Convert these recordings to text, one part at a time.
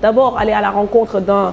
d'abord aller à la rencontre d'un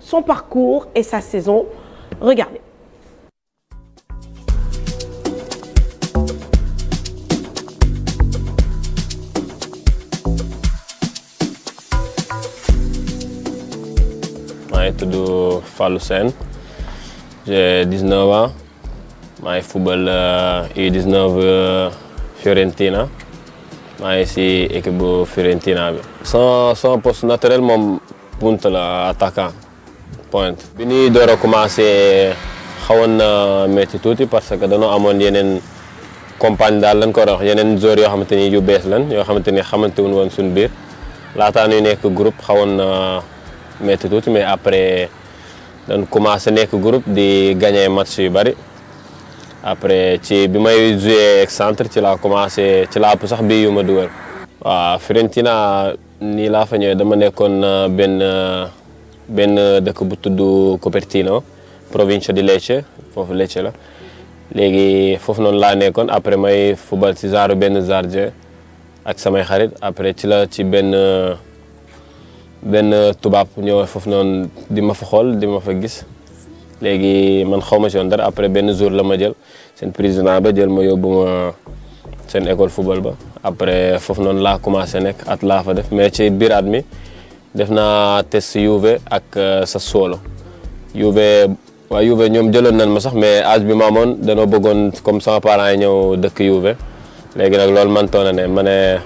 son parcours et sa saison. Regardez. maa ngi tudd Fallou Sène football euh, euh, Fiorentina maa ngi si équipe Fiorentina bi. son son punt la attaquant. Pointe bi ñuy door a commencé xawoon na tuuti parce que dañoo amoon yeneen compagne daal lañ ko wax yeneen joueurs yoo xamante ni yu bees lan yoo xamante ni xamante wuñ woon suñu biir laataa ñuy nekk group xawoon na métti tuuti mais après dañ commencé nekk groupe di gagné match yu bari après ci bi may joué ak centre ci laa commencé ci laa sax bi yu ma dugal. waaw nii laa fa ñëwee dama nekkoon euh, benn. Euh, benn dëkk bu tudd Cupertino province di Lecce foofu Lecce la léegi foofu noonu laa nekkoon après may football si genre benn gardien ak samay xarit après ci la ci benn benn tubaab ñëw foofu noonu di ma fa xool di ma fa gis léegi man xaw ma si yoon dara après benn jour la ma jël seen président ba jël ma yóbbu ma seen école football ba après foofu noonu laa commencé nekk at laa fa def mais ci biir at mi. def naa test Juve ak euh, Sassuolo Juve waaye Juve ñoom jëloon nañ ma sax mais âge bi ma amoon danoo bëggoon comme sama parents yi ñëw dëkk Juve léegi nag loolu man toona ne ma ne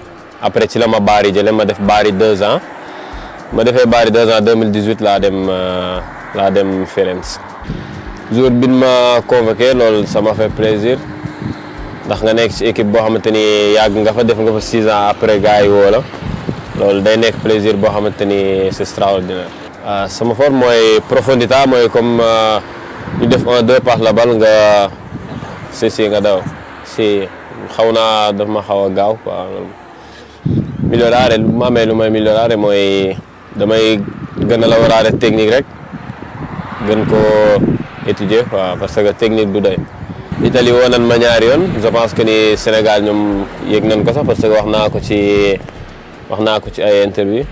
après ci la ma baari jële ma def baari deux ans ma defee Bari deux ans 2018 laa dem euh, laa dem Firenze jour bi ma convoqué loolu ça m'a fait plaisir ndax nga nekk ci équipe boo xamante ni yàgg nga fa def nga fa six ans après gars yi woo la loolu day nekk plaisir boo xamante ni c'est extraordinaire. Euh, sama forme mooy profondité mooy comme euh, ñu def un deux pas la bal nga si si nga daw si xaw naa daf ma xaw a gaaw quoi milioraare lu ma amee lu may milioraare mooy damay gën a la waraare technique rek gën koo étudier quoi parce que technique du doy. Italie woo nan ma ñaari yoon je pense que ni Sénégal ñoom yëg nañ ko sax parce que wax naa ko ci. wax naa ko ci ay interview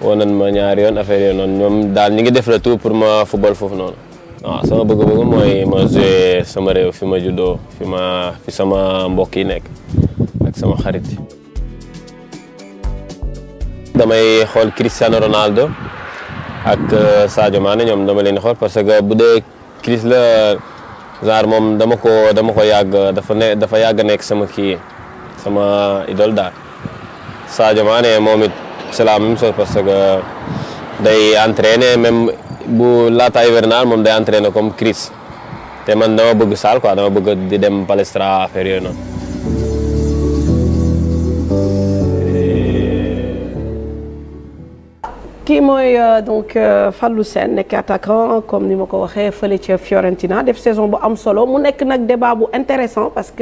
wonan ma ñaari yoon affaire yooyu noonu ñoom daal ñi ngi def la tout pour ma football foofu noonu waaw sama bëgg-bëgg mooy ma joué sama réew fi ma juddoo fi ma fi sama mbokk yi nekk sama xarit yi damay xool Cristiano Ronaldo ak euh, Sadio Mané ñoom dama leen xool parce que bu dee Chris la genre moom dama ko dama ko yàgg dafa ne dafa yàgg nekk sama kii sama idole daal Sadio Mané moom it c'est la parce que day entraîner même bu laata hivernal moom day entraîner comme Chris te man dama bëgg saal quoi dama bëgg di dem palestra affaire yooyu noonu. mooy euh, donc euh, Fallou Sène nekk attaquant comme ni ma ko waxee fële ca Fiorentina def saison bu am solo mu nekk nag débat bu intéressant parce